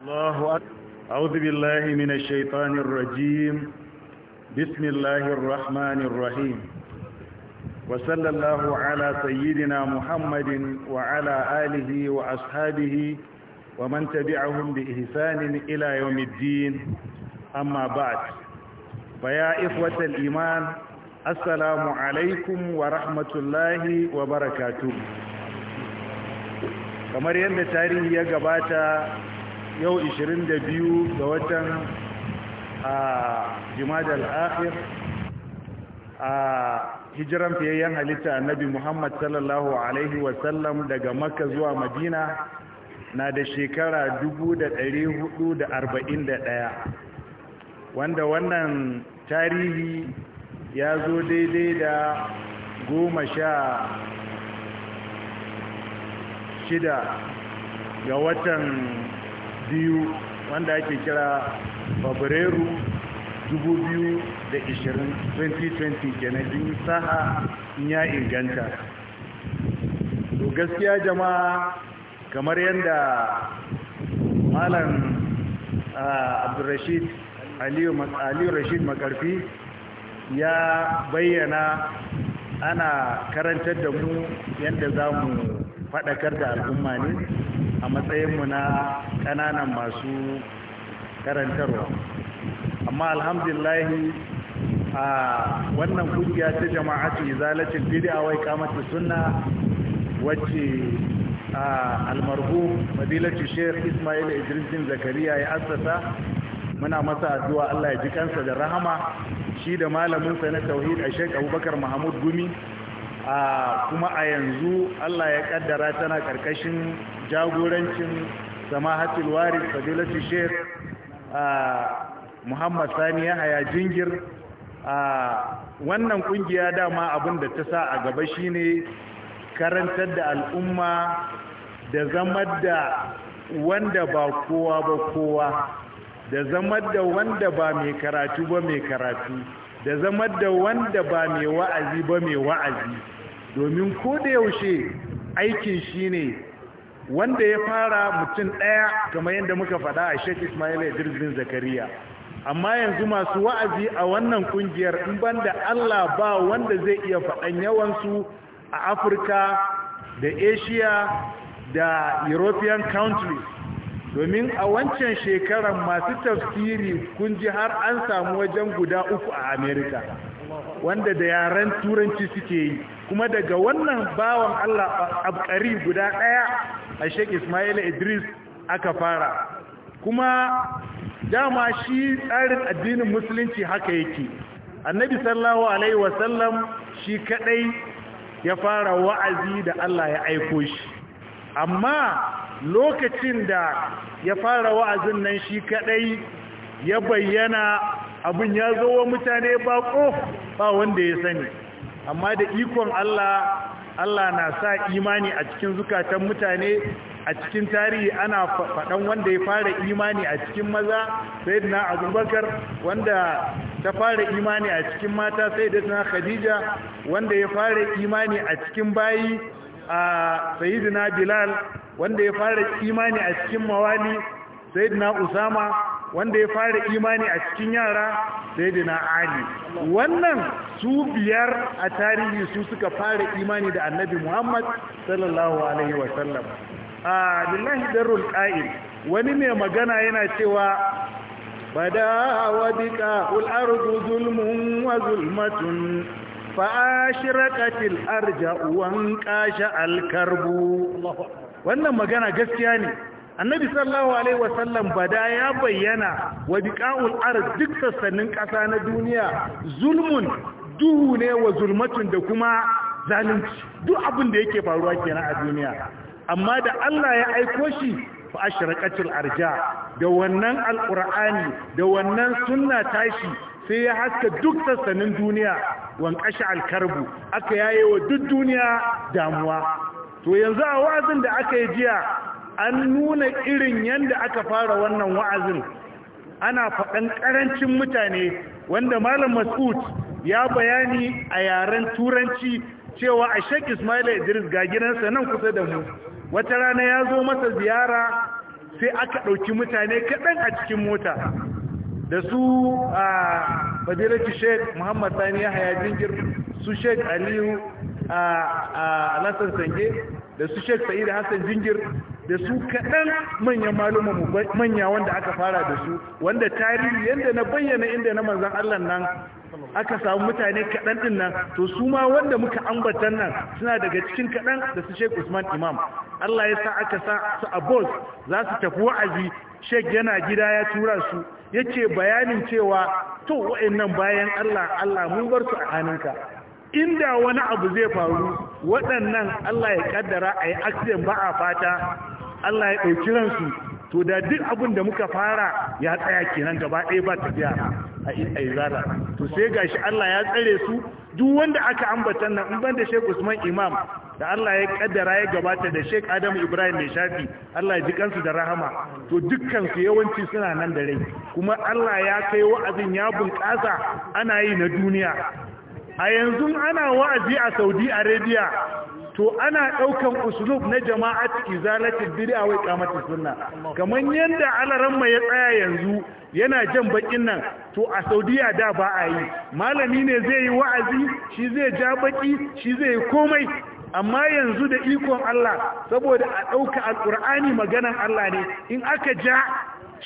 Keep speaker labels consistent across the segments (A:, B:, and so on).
A: الله أكبر أعوذ بالله من الشيطان الرجيم بسم الله الرحمن الرحيم وصلى الله على سيدنا محمد وعلى آله وأصحابه ومن تبعهم بإحسان إلى يوم الدين أما بعد فيا إخوة الإيمان السلام عليكم ورحمة الله وبركاته kamar yadda tarihi ya gabata yau 22 ga watan a jimadar a hijiran fiyayyen halitta nabi muhammad sallallahu alaihi wasallam daga maka zuwa madina na da shekara 441 wanda wannan tarihi ya zo daidai da goma sha shida ga watan biyu wanda ake kira fabrairu 2020 kenan din saha ya inganta to gaskiya jama'a kamar yadda malam ah, abdurrashid aliyu rashid makarfi ya bayyana ana karantar da mu yadda za mu faɗakar da al'umma ne a matsayinmu na ƙananan masu karantarwa amma alhamdulillahi a wannan kungiya ta jama'atu izalatul bid'a wai kamata sunna wacce almargu fadilatu sheikh Ismail Idris bin Zakariya ya assasa muna masa addu'a Allah ya ji kansa da rahama shi da malaminsa na tauhid a shek Abubakar Mahmud Gumi kuma a yanzu Allah ya kaddara tana karkashin jagorancin samahatul waris fadilatu sheikh Muhammad Sani Yahaya Jingir wannan kungiya dama abin da ta sa a gaba shine karantar da al'umma da zamar da wanda ba kowa ba kowa da zamar da wanda ba mai karatu ba mai karatu da zama da wanda ba mai wa'azi ba mai wa'azi domin ko da yaushe aikin shi ne wanda ya fara mutum ɗaya kamar yadda muka fada a shek ismail jirgin zakariya amma yanzu masu wa'azi a wannan kungiyar in banda allah ba wanda zai iya faɗan yawansu a afirka da asia da european countries domin a wancan shekaran masu tafsiri kun ji har an samu wajen guda uku a amerika wanda da yaren turanci suke yi kuma daga wannan bawan allah abkari guda ɗaya a sheik ismail idris aka fara kuma dama shi tsarin addinin musulunci haka yake annabi sallallahu alaihi wasallam shi kadai ya fara wa'azi da allah ya aiko shi amma lokacin da ya fara wa'azin nan shi kaɗai ya bayyana abin ya zo wa mutane bako ba wanda ya sani amma da ikon Allah Allah na sa imani a cikin zukatan mutane a cikin tarihi ana faɗan wanda ya fara imani a cikin maza sai na abubakar wanda ta fara imani a cikin mata sai da na khadija wanda ya fara imani a cikin bayi a sayidina bilal wanda ya fara imani a cikin mawali sayyidina usama wanda ya fara imani a cikin yara sayyidina ali wannan su biyar a tarihi su suka fara imani da annabi muhammad sallallahu alaihi wasallam a lillahi darul qa'il wani mai magana yana cewa bada wadika ul zulmun wa zulmatun fa'ashirakatil arja wan kasha alkarbu wannan magana gaskiya ne annabi sallallahu alaihi wasallam bada ya bayyana wa biqa'ul ard duk sassanin kasa na duniya zulmun duhu ne wa zulmatun da kuma zalunci duk abin da yake faruwa kenan a duniya amma da Allah ya aiko shi fa ashraqatul arja da wannan alqur'ani da wannan sunna tashi sai ya haska duk sassanin duniya Wan kashi alkarbu aka yaye wa duk duniya damuwa to yanzu a wa'azin da aka yi jiya an nuna irin yadda aka fara wannan wa'azin ana faɗan ƙarancin mutane wanda malam mas'ud ya bayani a yaren turanci cewa a shek ismaila idris ga gidansa nan kusa da mu wata rana ya zo masa ziyara sai aka ɗauki mutane kaɗan a cikin mota da su a ah, fadilatu sheikh muhammad sani yahaya jingir su sheikh aliyu a nasan sange da su sheikh sa'id hassan jingir da su kaɗan manyan maluma manya wanda aka fara da su wanda tarihi yadda na bayyana inda na manzan Allah nan aka samu mutane kaɗan ɗin nan to su ma wanda muka ambatan nan suna daga cikin kaɗan da su Sheikh Usman Imam Allah ya sa aka sa su a bus za su tafi wa'azi shek yana gida ya tura su yace bayanin cewa to wa'annan bayan Allah Allah mun bar su a hannunka inda wani abu zai faru waɗannan Allah ya kaddara a yi accident ba a fata Allah ya ɗauki ransu to da duk abin da muka fara ya tsaya kenan gaba ɗaya ba tafiya a zara to sai gashi Allah ya tsare su duk wanda aka ambata nan in ban da Sheikh Usman Imam da Allah ya kaddara ya gabata da Sheikh Adam Ibrahim mai shafi Allah ya ji kansu da rahama to dukkan su yawanci suna nan da rai kuma Allah ya kai wa'azin ya bunƙasa ana yi na duniya a yanzu ana wa'azi a Saudi Arabia to ana ɗaukan usulub na jama'at izalatin bid'a wai iqamati sunna kaman yanda alaran mai ya tsaya yanzu yana jan bakin nan to a Saudiya da ba a yi malami ne zai yi wa'azi shi zai ja baki shi zai komai amma yanzu da ikon Allah saboda a ɗauka al'urani maganan Allah ne in aka ja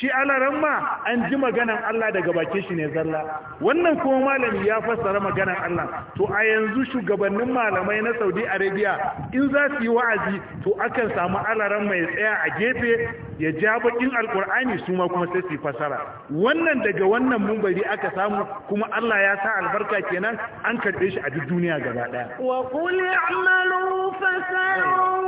A: shi alaran ma an ji maganan Allah daga bakin shi ne zalla wannan kuma malami ya fassara maganan Allah to a yanzu shugabannin malamai na Saudi Arabia in za su yi wa'azi to akan samu alaran mai tsaya a gefe ya ja bakin alkur'ani su ma kuma sai su fassara wannan daga wannan mumbari aka samu kuma Allah ya sa albarka kenan an karɓe shi a duk duniya gaba daya wa qul i'malu fasaru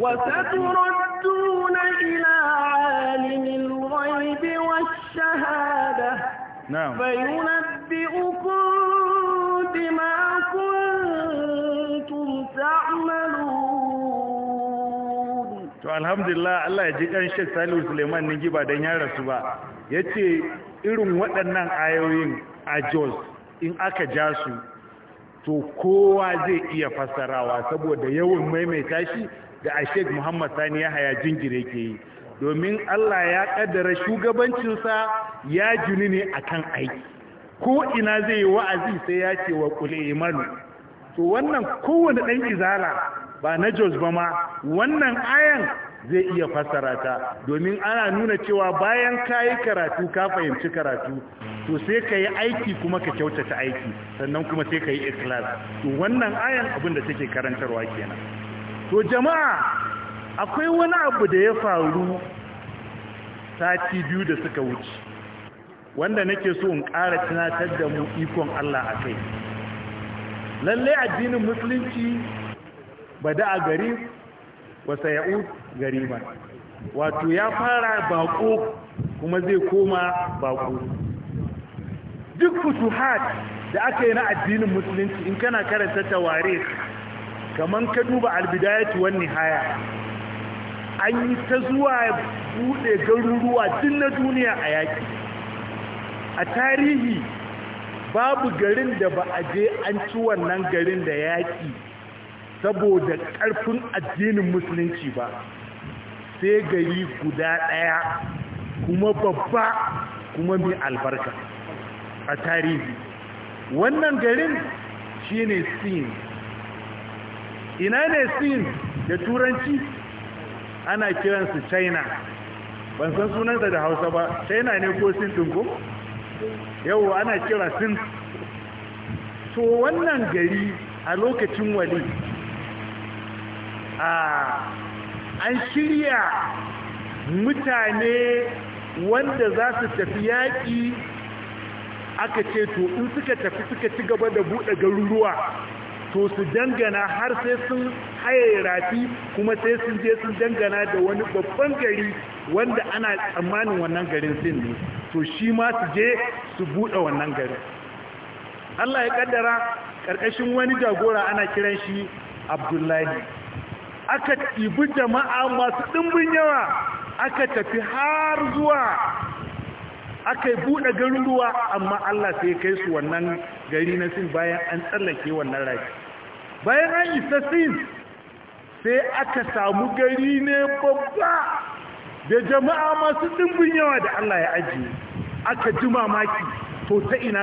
B: وستردون
A: إلى عالم الغيب والشهادة نعم فينبئكم بما كنتم تعملون to alhamdulillah Allah ya ji kan Sheikh Salihu Suleiman ne giba dan ya rasu ba yace irin waɗannan ayoyin a Jos in aka ja su to kowa zai iya fassarawa saboda yawan maimaita shi da a sheik muhammad sani ya haya jingire ke yi domin allah ya kaddara shugabancinsa ya juni ne akan aiki ko ina zai yi wa'azi sai ya ce wa kule imanu to wannan kowane ɗan izala ba na jos ba ma wannan ayan zai iya fassara ta domin ana nuna cewa bayan ka yi karatu ka fahimci karatu to sai ka yi aiki kuma ka kyautata aiki sannan kuma sai ka yi ikilas to wannan ayan abin da take karantarwa kenan to jama'a akwai wani abu da ya faru sati biyu da suka wuce wanda nake so in ƙara tunatar da mu ikon Allah a kai lalle addinin musulunci ba da a gari wasa ya'ud gari ba wato ya fara bako kuma zai koma baƙo. duk futuhat da aka yi na addinin musulunci in kana karanta taware. kaman ka duba albidayatu wan nihaya an yi ta zuwa bude garuruwa din na duniya a yaki a tarihi babu garin da ba a je an ci wannan garin da yaki saboda karfin addinin musulunci ba sai gari guda daya kuma babba kuma mai albarka a tarihi wannan garin shine sin ina ne sin da turanci ana kiransu china ban san sunansa da hausa ba china ne ko sin ɗin ko
B: yau ana kira sin
A: to wannan gari a lokacin wali an shirya mutane wanda za su tafi yaƙi aka ce to in suka tafi suka ci gaba da buɗe garuruwa to su dangana har sai sun haye rafi kuma sai sun je sun dangana da wani babban gari wanda ana tsammanin wannan garin sin ne to shi ma su je su buɗe wannan garin Allah ya kaddara ƙarƙashin wani jagora ana kiran shi Abdullahi aka ɗibi jama'a masu ɗimbin yawa aka tafi har zuwa aka yi buɗe ruwa amma Allah sai kai su wannan gari na sin bayan an tsallake wannan rafi bayan an isa sin sai aka samu gari ne babba da jama'a masu ɗimbin yawa da Allah ya ajiye aka ji mamaki to ta ina